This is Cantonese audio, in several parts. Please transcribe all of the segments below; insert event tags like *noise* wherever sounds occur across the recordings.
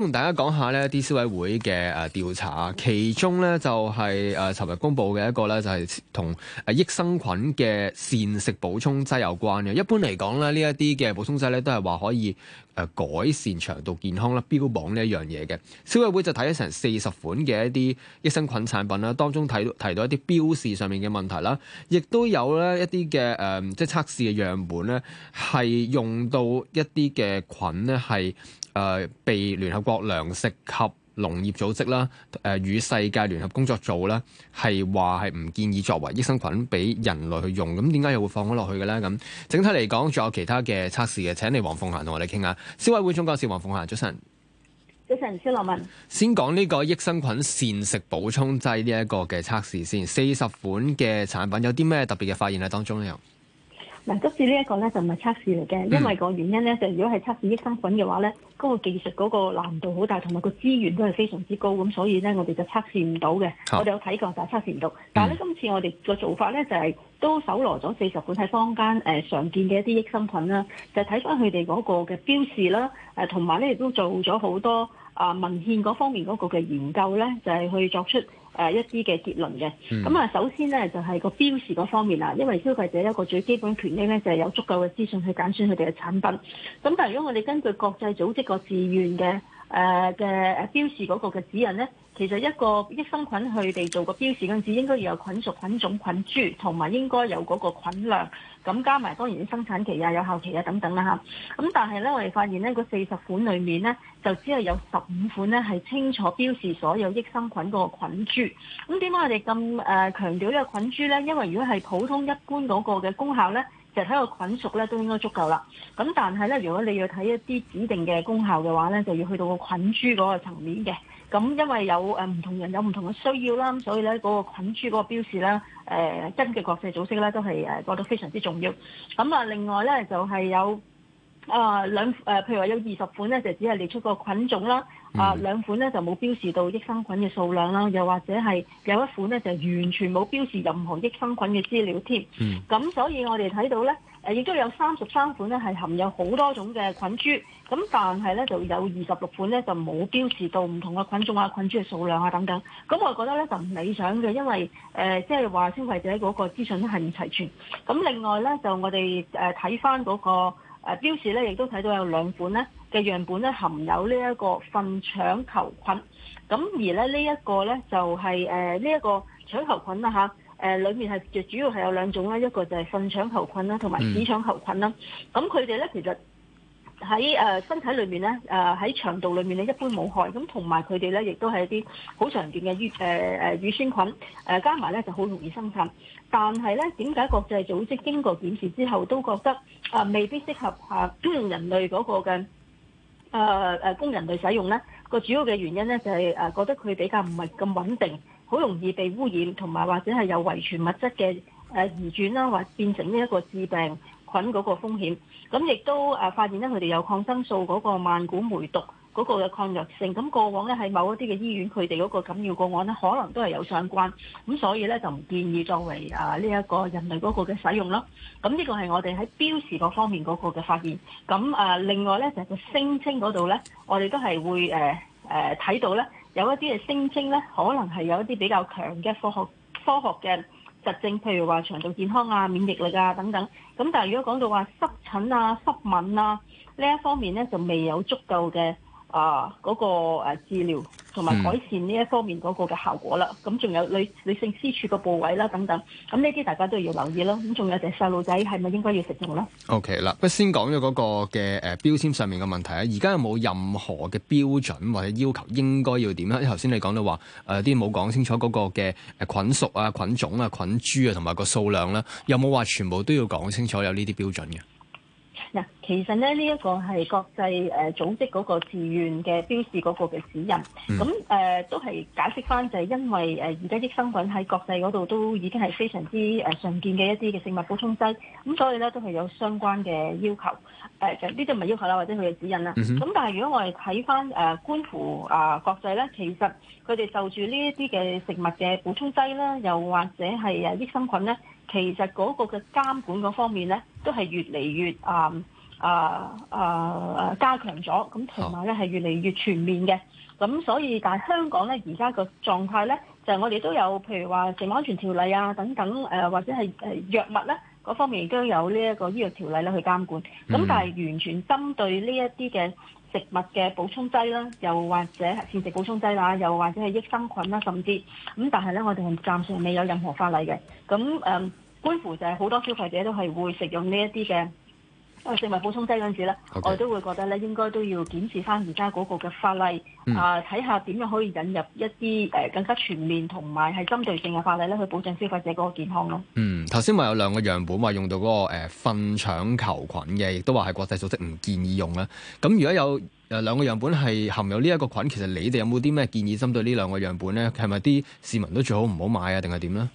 同大家講下呢啲消委會嘅誒調查，其中呢就係誒尋日公佈嘅一個呢，就係同誒益生菌嘅膳食補充劑有關嘅。一般嚟講咧，呢一啲嘅補充劑呢，都係話可以誒改善腸道健康啦，標榜呢一樣嘢嘅。消委會就睇咗成四十款嘅一啲益生菌產品啦，當中睇到提到一啲標示上面嘅問題啦，亦都有呢一啲嘅誒即係測試嘅樣本呢，係用到一啲嘅菌呢，係。誒、呃、被聯合國糧食及農業組織啦，誒、呃、與世界聯合工作組咧，係話係唔建議作為益生菌俾人類去用，咁點解又會放咗落去嘅咧？咁整體嚟講，仲有其他嘅測試嘅，請你黃鳳嫺同我哋傾下。消委會總幹事黃鳳嫺，早晨。早晨，肖羅文。先講呢個益生菌膳食補充劑呢一個嘅測試先，四十款嘅產品有啲咩特別嘅發現喺當中呢？嗱，今次呢一個咧就唔係測試嚟嘅，因為個原因咧就如果係測試益生菌嘅話咧，嗰個技術嗰個難度好大，同埋個資源都係非常之高，咁所以咧我哋就測試唔到嘅。我哋有睇過，但係測試唔到。但係咧今次我哋個做法咧就係都搜羅咗四十款喺坊間誒常見嘅一啲益生菌啦，就睇翻佢哋嗰個嘅標示啦，誒同埋咧亦都做咗好多啊文獻嗰方面嗰個嘅研究咧，就係去作出。誒、嗯、一啲嘅結論嘅，咁啊首先呢，就係個標示嗰方面啊，因為消費者一個最基本權益呢，就係有足夠嘅資訊去揀選佢哋嘅產品。咁但係如果我哋根據國際組織個自願嘅誒嘅誒標示嗰個嘅指引呢，其實一個益生菌佢哋做個標示陣時應該要有菌屬、菌種、菌株，同埋應該有嗰個菌量。咁加埋當然啲生產期啊、有效期啊等等啦、啊、嚇，咁但係咧我哋發現咧，個四十款裏面咧就只係有十五款咧係清楚標示所有益生菌嗰個菌株。咁點解我哋咁強調咧個菌株咧？因為如果係普通一般嗰個嘅功效咧，就睇個菌屬咧都應該足夠啦。咁但係咧，如果你要睇一啲指定嘅功效嘅話咧，就要去到個菌株嗰個層面嘅。咁因為有誒唔同人有唔同嘅需要啦，所以咧嗰個菌株嗰個標示咧，誒根據國際組織咧都係誒覺得非常之重要。咁啊，另外咧就係、是、有啊兩誒、啊，譬如話有二十款咧就只係列出個菌種啦，啊兩款咧就冇標示到益生菌嘅數量啦，又或者係有一款咧就完全冇標示任何益生菌嘅資料添。咁、嗯、所以我哋睇到咧。誒亦都有三十三款咧，係含有好多種嘅菌株，咁但係咧就有二十六款咧就冇標示到唔同嘅菌種啊、菌株嘅數量啊等等，咁我覺得咧就唔理想嘅，因為誒即係話消費者嗰個資訊咧係唔齊全。咁另外咧就我哋睇翻嗰個標、呃、標示咧，亦都睇到有兩款咧嘅樣本咧含有呢一個糞腸球菌，咁而咧呢一、呢個咧就係呢一個腸球菌啦、吓誒，裡面係最主要係有兩種啦，一個就係糞腸球菌啦，同埋屎腸球菌啦。咁佢哋咧，其實喺誒身體裏面咧，誒喺腸道裏面咧，一般冇害。咁同埋佢哋咧，亦都係一啲好常見嘅乳誒乳酸菌。誒加埋咧就好容易生產。但係咧，點解國際組織經過檢視之後，都覺得啊，未必適合嚇人類嗰個嘅誒誒供人類使用咧？個主要嘅原因咧，就係誒覺得佢比較唔係咁穩定。好容易被污染，同埋或者係有遺傳物質嘅移轉啦，或者變成呢一個致病菌嗰個風險。咁亦都發現咧，佢哋有抗生素嗰個萬古霉毒嗰個嘅抗藥性。咁過往咧喺某一啲嘅醫院，佢哋嗰個感染個案咧，可能都係有相關。咁所以咧就唔建議作為呢一個人類嗰個嘅使用咯。咁呢個係我哋喺標示嗰方面嗰個嘅發現。咁另外咧就係個聲稱嗰度咧，我哋都係會呃呃睇到咧。有一啲嘅聲稱咧，可能係有一啲比較強嘅科學科學嘅實證，譬如話腸道健康啊、免疫力啊等等。咁但係如果講到話濕疹啊、濕敏啊呢一方面咧，就未有足夠嘅啊嗰、嗰個誒、啊、治療。同埋改善呢一方面嗰個嘅效果啦，咁仲有女女性私處個部位啦、等等，咁呢啲大家都要留意囉。咁仲有就細路仔係咪應該要食用咧？OK 啦，不先講咗嗰個嘅誒標籤上面嘅問題啊。而家有冇任何嘅標準或者要求應該要點咧？頭先你講到話誒啲冇講清楚嗰個嘅菌屬啊、菌種啊、菌株啊同埋個數量啦，有冇話全部都要講清楚有呢啲標準嘅？嗱，其實咧呢一、這個係國際誒組織嗰個自願嘅標示嗰個嘅指引，咁誒、呃、都係解釋翻就係因為誒而家益生菌喺國際嗰度都已經係非常之誒常見嘅一啲嘅食物補充劑，咁所以咧都係有相關嘅要求，誒呢啲唔係要求啦或者佢嘅指引啦，咁、嗯、哼但係如果我哋睇翻誒觀乎啊國際咧，其實佢哋就住呢一啲嘅食物嘅補充劑啦，又或者係誒益生菌咧。其實嗰個嘅監管嗰方面咧，都係越嚟越誒誒誒加強咗，咁同埋咧係越嚟越全面嘅。咁所以，但係香港咧而家個狀態咧，就係、我哋都有譬如話《食物安全條例》啊啊等等誒、呃，或者係誒藥物咧嗰方面亦都有呢一個醫藥條例咧去監管。咁、嗯、但係完全針對呢一啲嘅。食物嘅補充劑啦，又或者膳食補充劑啦，又或者係益生菌啦，甚至咁，但係咧，我哋暫時未有任何法例嘅。咁誒，嗯、觀乎就係好多消費者都係會食用呢一啲嘅。因為食物補充劑嗰陣時咧，Okay. 我都會覺得咧，應該都要檢視翻而家嗰個嘅法例啊，睇下點樣可以引入一啲誒更加全面同埋係針對性嘅法例咧，去保障消費者嗰個健康咯。嗯，頭先咪有兩個樣本話用到嗰個誒糞腸球菌嘅，亦都話係國際組織唔建議用啦。咁如果有誒兩個樣本係含有呢一個菌，其實你哋有冇啲咩建議針對呢兩個樣本咧？係咪啲市民都最好唔好買啊？定係點咧？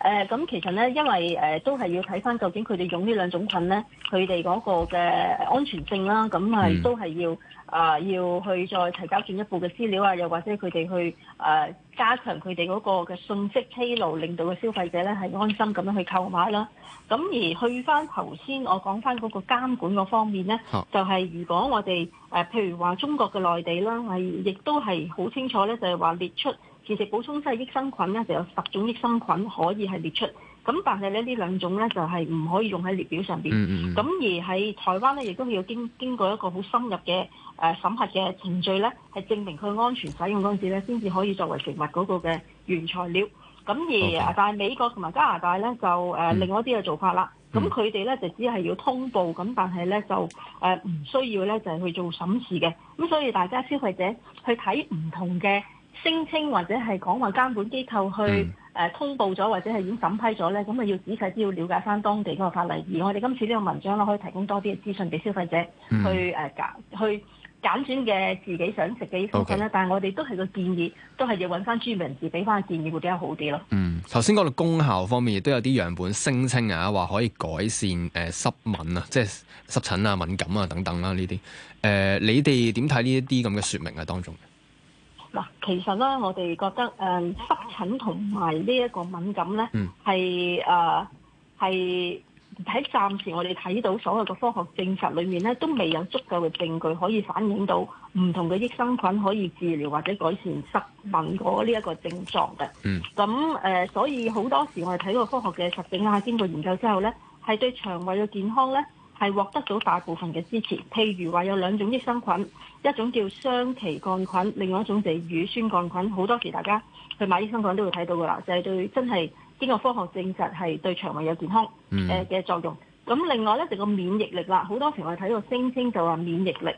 嗱，咁、呃、其實咧，因為誒、呃、都係要睇翻究竟佢哋用呢兩種菌咧，佢哋嗰個嘅安全性啦，咁係都係要啊、呃，要去再提交進一步嘅資料啊，又或者佢哋去誒、呃、加強佢哋嗰個嘅信息披露，令到個消費者咧係安心咁樣去購買啦。咁而去翻頭先我講翻嗰個監管個方面咧，啊、就係如果我哋誒、呃、譬如話中國嘅內地啦，係亦都係好清楚咧，就係話列出。其實補充劑益生菌咧就有十種益生菌可以係列出，咁但係咧呢這兩種咧就係、是、唔可以用喺列表上邊。咁、mm hmm. 而喺台灣咧亦都要經經過一個好深入嘅誒、呃、審核嘅程序咧，係證明佢安全使用嗰陣時咧，先至可以作為食物嗰個嘅原材料。咁 Okay. 而但係美國同埋加拿大咧就誒、呃、另外一啲嘅做法啦。咁佢哋咧就只係要通報，咁但係咧就誒唔、呃、需要咧就係去做審視嘅。咁所以大家消費者去睇唔同嘅。聲稱或者係講話監管機構去誒、嗯呃、通報咗或者係已經審批咗咧，咁啊要仔細啲要了解翻當地嗰個法例。而我哋今次呢個文章咧，可以提供多啲嘅資訊俾消費者去誒揀、嗯呃、去揀選嘅自己想食嘅飲品啦。Okay，但係我哋都係個建議，都係要揾翻專業人士俾翻個建議，會比較好啲咯。嗯，頭先講到功效方面，亦都有啲樣本聲稱啊，話可以改善誒濕敏啊，即係濕疹啊、敏感啊等等啦、啊，呢啲誒你哋點睇呢一啲咁嘅説明啊當中？嗱，其實咧，我哋覺得誒、嗯、濕疹同埋呢一個敏感咧，係誒係喺暫時我哋睇到所有嘅科學證實裏面咧，都未有足夠嘅證據可以反映到唔同嘅益生菌可以治療或者改善濕敏嗰呢一個症狀嘅。咁誒、嗯呃，所以好多時我哋睇過科學嘅實證啊，經過研究之後咧，係對腸胃嘅健康咧。係獲得到大部分嘅支持，譬如話有兩種益生菌，一種叫雙歧桿菌，另外一種就乳酸桿菌。好多時大家去買益生菌都會睇到㗎啦，就係、是、對真係經過科學證實係對腸胃有健康嘅、呃、作用。咁另外呢，就是、個免疫力啦，好多時我睇到聲稱就話免疫力。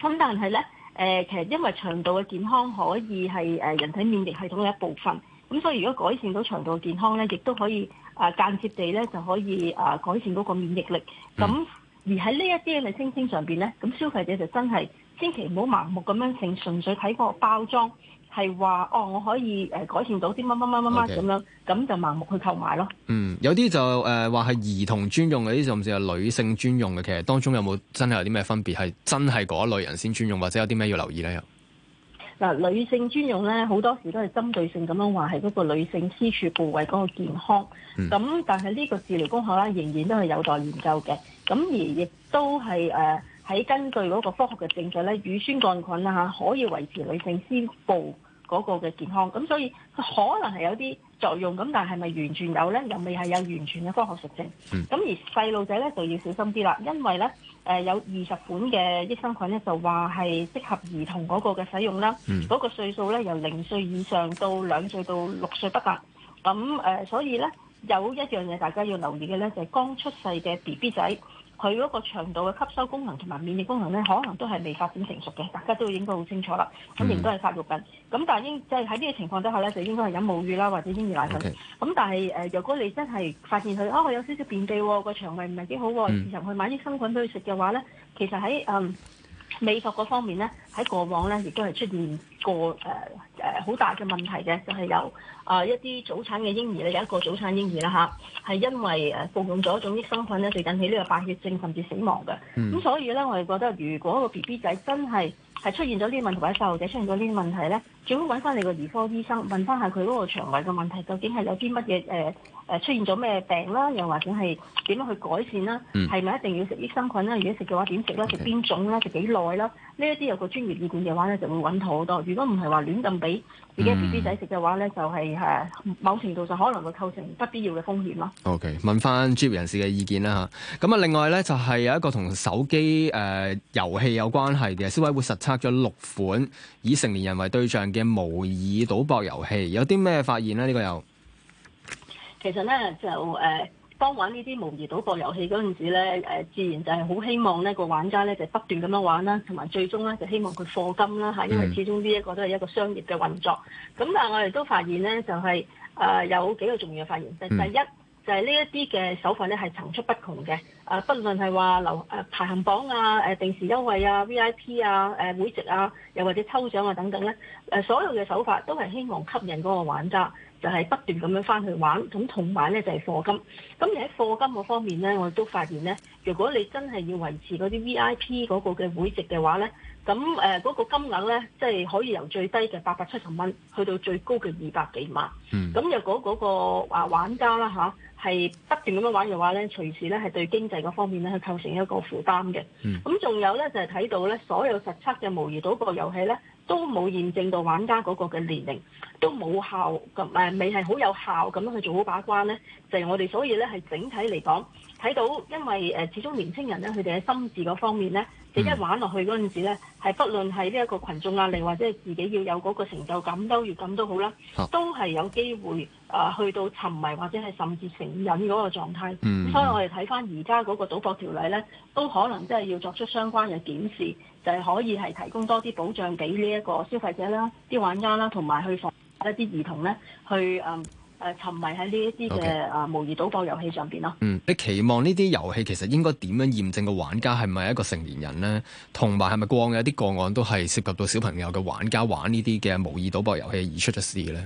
咁但係呢、呃，其實因為腸道嘅健康可以係人體免疫系統嘅一部分，咁所以如果改善到腸道健康呢，亦都可以。啊，間接地咧就可以啊，改善嗰個免疫力。咁、嗯、而喺呢一啲嘅聲稱上面，咧，咁消費者就真係千祈唔好盲目咁樣，成純粹睇個包裝係話哦，我可以改善到啲乜乜乜乜乜咁樣，咁就盲目去購買咯。嗯，有啲就誒話係兒童專用嘅，有啲就唔係女性專用嘅？其實當中有冇真係有啲咩分別係真係嗰一類人先專用，或者有啲咩要留意咧？嗱，女性專用咧，好多時都係針對性咁樣話係嗰個女性私處部位嗰個健康，咁、嗯、但係呢個治療功效咧，仍然都係有待研究嘅。咁而亦都係誒喺根據嗰個科學嘅證據咧，乳酸桿菌啦嚇可以維持女性私處嗰個嘅健康，咁所以佢可能係有啲。作用咁，但係咪完全有呢？又未係有完全嘅科學實證。咁、嗯、而細路仔呢，就要小心啲啦，因為呢，誒有二十款嘅益生菌呢，就話係適合兒童嗰個嘅使用啦。嗰、嗯、個歲數呢由零歲以上到兩歲到六歲不等。咁、嗯、誒，所以呢，有一樣嘢大家要留意嘅呢，就係、是、剛出世嘅 BB 仔。佢嗰個腸道嘅吸收功能同埋免疫功能咧，可能都係未發展成熟嘅，大家都應該好清楚啦。咁亦、mm hmm. 都係發育緊，咁但係應即係喺呢個情況之下咧，就應該係飲母乳啦，或者嬰兒奶粉。咁 Okay. 但係誒，若、呃、果你真係發現佢哦，佢、哦、有少少便秘喎，個腸胃唔係幾好喎，市場去買啲益生菌俾佢食嘅話咧，其實喺嗯。美國嗰方面咧，喺過往咧亦都係出現過誒誒好大嘅問題嘅，就係有啊一啲早產嘅嬰兒咧，有一個早產嬰兒啦嚇，係、啊、因為誒、呃、服用咗一種益生菌咧，就引起呢個敗血症甚至死亡嘅。咁、嗯、所以咧，我哋覺得如果個 B B 仔真係係出現咗呢啲問題或者細路仔出現咗呢啲問題咧，最好揾翻你個兒科醫生問翻下佢嗰個腸胃嘅問題，究竟係有啲乜嘢誒？呃誒出現咗咩病啦？又或者係點樣去改善啦？係咪、嗯、一定要食益生菌啦？如果食嘅話，點食啦？食邊 Okay. 種啦？食幾耐啦？呢一啲有個專業意見嘅話咧，就會揾到好多。如果唔係話亂咁俾自己 B B 仔食嘅話咧，嗯、就係誒某程度上可能會構成不必要嘅風險咯。O、okay. K，問翻專業人士嘅意見啦吓咁啊，另外咧就係、是、有一個同手機誒、呃、遊戲有關係嘅消委會實測咗六款以成年人為對象嘅模擬賭博遊戲，有啲咩發現呢？呢、這個又？其實咧就誒當，呃、玩呢啲模擬賭博遊戲嗰陣時咧，誒、呃、自然就係好希望咧個玩家咧就不斷咁樣玩啦，同埋最終咧就希望佢課金啦吓，因為始終呢一個都係一個商業嘅運作。咁但係我哋都發現咧就係、是、誒、呃、有幾個重要嘅發現，第一。嗯就係呢一啲嘅手法咧，係層出不窮嘅。啊，不論係話排行榜啊、定時優惠啊、V I P 啊、會籍啊，又或者抽獎啊等等咧，所有嘅手法都係希望吸引嗰個玩家，就係、是、不斷咁樣翻去玩。咁同埋咧就係課金。咁而喺課金嗰方面咧，我都發現咧，如果你真係要維持嗰啲 V I P 嗰個嘅會籍嘅話咧，咁誒嗰個金額咧，即係可以由最低嘅八百七十蚊，去到最高嘅二百幾萬。嗯，咁若果嗰個玩家啦吓係不斷咁樣玩嘅話咧，隨時咧係對經濟嗰方面咧，係構成一個負擔嘅。嗯，咁仲有咧，就係睇到咧，所有實測嘅模擬賭博遊戲咧，都冇驗證到玩家嗰個嘅年齡，都冇效咁未係好有效咁樣去做好把關咧，就係我哋所以咧係整體嚟講，睇到因為誒始終年青人咧，佢哋喺心智嗰方面咧。你一玩落去嗰陣時咧，係不論係呢一個群眾壓力，或者係自己要有嗰個成就感、優越感都好啦，都係有機會啊、呃、去到沉迷或者係甚至成癮嗰個狀態。 *noise* 所以我哋睇翻而家嗰個賭博條例咧，都可能即係要作出相關嘅檢視，就係、是、可以係提供多啲保障俾呢一個消費者啦、啲玩家啦，同埋去防一啲兒童咧去嗯。誒沉迷喺呢一啲嘅啊，模擬賭博遊戲上邊咯。Okay. 嗯，你期望呢啲遊戲其實應該點樣驗證個玩家係咪一個成年人呢？同埋係咪過往嘅一啲個案都係涉及到小朋友嘅玩家玩呢啲嘅模擬賭博遊戲而出咗事呢？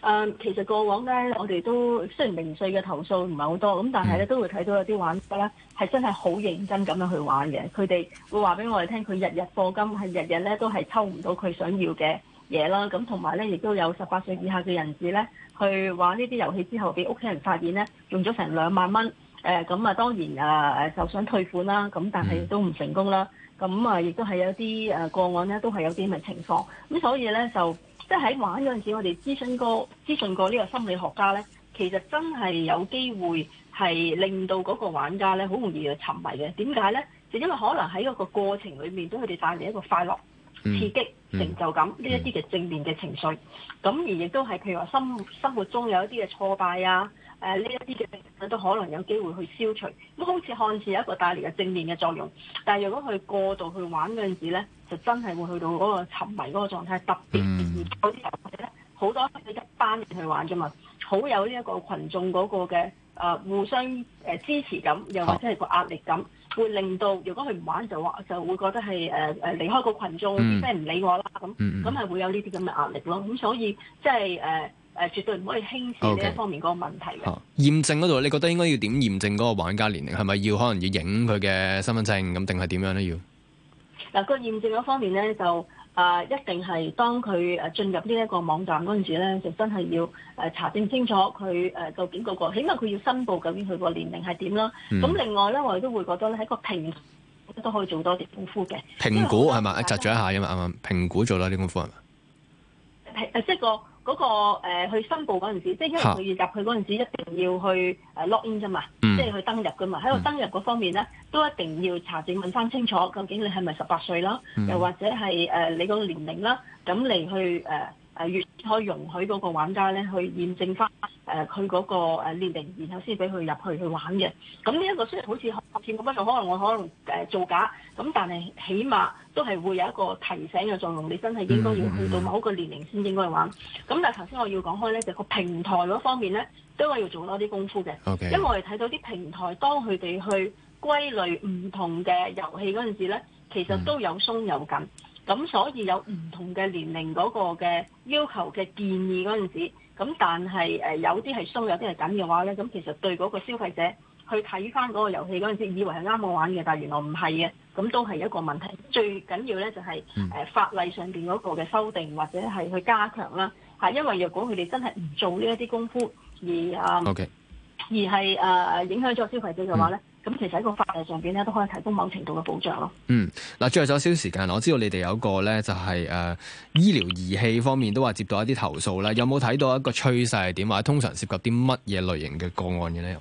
誒、嗯，其實過往呢，我哋都雖然零碎嘅投訴唔係好多，咁但係咧都會睇到有啲玩家咧係真係好認真咁樣去玩嘅。佢哋會話俾我哋聽，佢日日課金，係日日咧都係抽唔到佢想要嘅。嘢啦，咁同埋咧，亦都有十八歲以下嘅人士咧，去玩呢啲遊戲之後，俾屋企人發現咧，用咗成兩萬蚊，誒，咁啊，當然啊誒，就想退款啦，咁但係都唔成功啦，咁、嗯、啊，亦都係有啲誒個案咧，都係有啲咁嘅情況，咁所以咧就即係喺玩嗰陣時，我哋諮詢過諮詢過呢個心理學家咧，其實真係有機會係令到嗰個玩家咧，好容易去沉迷嘅，點解咧？就因為可能喺嗰個過程裏面，都佢哋帶嚟一個快樂。刺激、成就感呢一啲嘅正面嘅情緒，咁、嗯、而亦都係譬如話，生生活中有一啲嘅挫敗啊，誒呢一啲嘅嘢都可能有機會去消除，咁好似看似有一個帶嚟嘅正面嘅作用，但係如果佢過度去玩嗰陣時咧，就真係會去到嗰個沉迷嗰個狀態，特別嗰啲遊戲咧，好、嗯、多一班人去玩啫嘛，好有呢一個群眾嗰個嘅誒、呃、互相誒支持感，又或者係個壓力感。啊會令到，如果佢唔玩就話，就會覺得係誒誒離開個群眾，即 f 唔理我啦，咁咁係會有呢啲咁嘅壓力咯。咁所以即係誒誒，絕對唔可以輕視呢一方面嗰個問題證、okay. 驗證嗰度，你覺得應該要點驗證嗰個玩家年齡？係咪要可能要影佢嘅身份證咁，定係點樣咧？要嗱個驗證嗰方面咧就。啊，一定係當佢誒進入呢一個網站嗰陣時咧，就真係要誒查證清楚佢誒究竟嗰個，起碼佢要申報究竟佢個年齡係點啦。咁、嗯、另外咧，我哋都會覺得咧喺個評估都可以做多啲功夫嘅。評估係嘛？窒咗一下㗎嘛、嗯，評估做多啲功夫係嘛？係誒，即係個。嗰、那個、呃、去申報嗰陣時，即係因為佢要入去嗰陣時，一定要去誒、呃、lock in 啫嘛，嗯、即係去登入噶嘛，喺個登入嗰方面咧，都一定要查證問翻清楚，究竟你係咪十八歲啦，嗯、又或者係誒、呃、你個年齡啦，咁嚟去誒。呃誒越可以容許嗰個玩家咧去驗證翻誒佢嗰個年齡，然後先俾佢入去去玩嘅。咁呢一個雖然好似看似冇乜，可能我可能誒造假。咁但係起碼都係會有一個提醒嘅作用。你真係應該要去到某個年齡先應該去玩。咁但係頭先我要講開咧，就個、是、平台嗰方面咧，都係要做多啲功夫嘅。Okay. 因為我哋睇到啲平台，當佢哋去歸類唔同嘅遊戲嗰陣時咧，其實都有鬆有緊。咁所以有唔同嘅年齡嗰個嘅要求嘅建議嗰陣時，咁但係誒有啲係鬆，有啲係緊嘅話咧，咁其實對嗰個消費者去睇翻嗰個遊戲嗰陣時，以為係啱我玩嘅，但係原來唔係嘅，咁都係一個問題。最緊要咧就係、是、誒、嗯呃、法例上邊嗰個嘅修訂或者係去加強啦，係因為若果佢哋真係唔做呢一啲功夫而啊，而係誒、嗯 Okay. 呃、影響咗消費者嘅話咧。嗯嗯。咁其實喺個法例上邊咧都可以提供某程度嘅保障咯。嗯，嗱，最後咗少少時間，我知道你哋有個咧就係、是、誒、呃、醫療儀器方面都話接到一啲投訴啦，有冇睇到一個趨勢係點或者通常涉及啲乜嘢類型嘅個案嘅咧？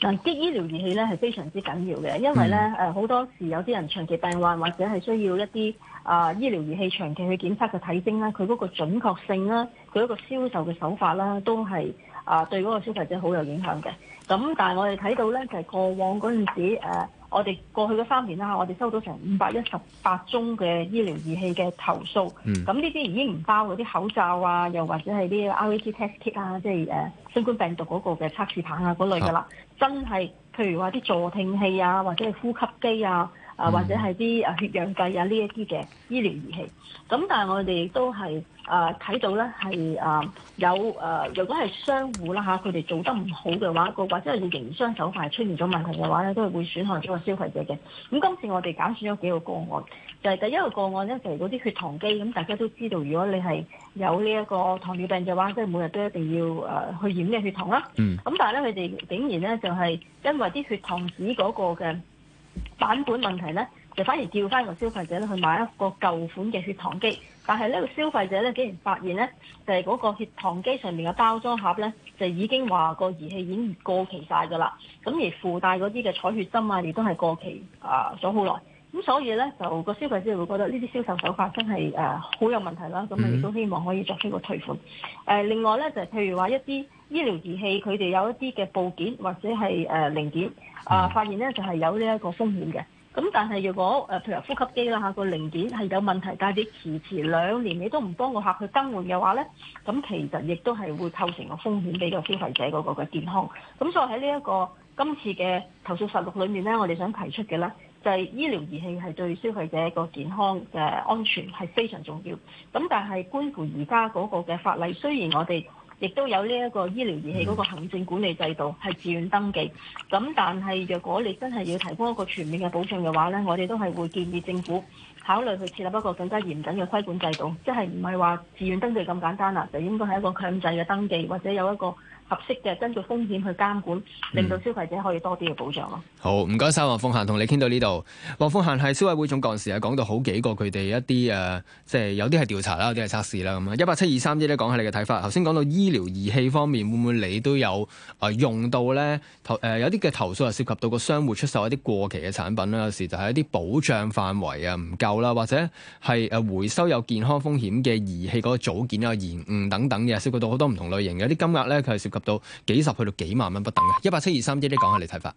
嗱，啲醫療儀器咧係非常之緊要嘅，因為咧誒好多時有啲人長期病患或者係需要一啲啊、呃、醫療儀器長期去檢測佢體徵啦，佢嗰個準確性啦，佢一個銷售嘅手法啦，都係。啊，對嗰個消費者好有影響嘅。咁但係我哋睇到咧，就係、是、過往嗰陣時，啊、我哋過去嘅三年啦，我哋收到成五百一十八宗嘅醫療儀器嘅投訴。嗯。咁呢啲已經唔包括嗰啲口罩啊，又或者係啲 RAT test kit 啊，即係誒新冠病毒嗰個嘅測試棒啊嗰類嘅啦。啊、真係，譬如話啲助聽器啊，或者係呼吸機啊。啊，或者係啲血氧計啊呢一啲嘅醫療儀器，咁但係我哋都係啊睇到咧係啊有啊，如果係商戶啦吓佢哋做得唔好嘅話，或者係營商手法出現咗問題嘅話咧，都係會損害咗個消費者嘅。咁今次我哋揀選咗幾個個案，就係、是、第一個個案咧就係嗰啲血糖機，咁大家都知道，如果你係有呢一個糖尿病嘅話，即、就、係、是、每日都一定要啊、呃、去驗嘅血糖啦。嗯。咁但係咧，佢哋竟然咧就係因為啲血糖紙嗰個嘅，版本問題咧，就反而調翻個消費者咧去買一個舊款嘅血糖機，但係呢個消費者咧竟然發現咧，就係嗰個血糖機上面嘅包裝盒咧，就已經話個儀器已經過期晒㗎啦，咁而附帶嗰啲嘅採血針啊，亦都係過期啊咗好耐。咁所以咧，就個消費者會覺得呢啲銷售手法真係誒好有問題啦。咁亦都希望可以作出一個退款。誒、呃，另外咧就係、譬如話一啲醫療儀器，佢哋有一啲嘅部件或者係、呃、零件啊、呃，發現咧就係、是、有呢一個風險嘅。咁但係如果、呃、譬如呼吸機啦，個零件係有問題，但係你遲遲兩年你都唔幫個客去更換嘅話咧，咁其實亦都係會構成個風險俾個消費者嗰個嘅健康。咁所以喺呢一個今次嘅投訴實錄裏面咧，我哋想提出嘅呢。就係醫療儀器係對消費者個健康嘅安全係非常重要。咁但係，觀乎而家嗰個嘅法例，雖然我哋亦都有呢一個醫療儀器嗰個行政管理制度係自願登記，咁但係若果你真係要提供一個全面嘅保障嘅話呢，我哋都係會建議政府考慮去設立一個更加嚴謹嘅規管制度，即係唔係話自願登記咁簡單啦，就應該係一個強制嘅登記，或者有一個。合適嘅，根據風險去監管，令到消費者可以多啲嘅保障咯、嗯。好，唔該曬，黃鳳嫺同你傾到呢度。黃鳳嫺係消委會總幹事啊，講到好幾個佢哋一啲誒、呃，即係有啲係調查啦，有啲係測試啦咁啊。一八七二三啲咧講下你嘅睇法。頭先講到醫療儀器方面，會唔會你都有誒、啊、用到咧？投誒、呃、有啲嘅投訴啊，涉及到個商戶出售一啲過期嘅產品啦，有時就係一啲保障範圍啊唔夠啦，或者係誒回收有健康風險嘅儀器嗰個組件啊、延誤等等嘅，涉及到好多唔同類型，有啲金額咧佢係涉及。到幾十去到幾萬蚊不等嘅，1, 一八七二三啲 J 講下你睇法。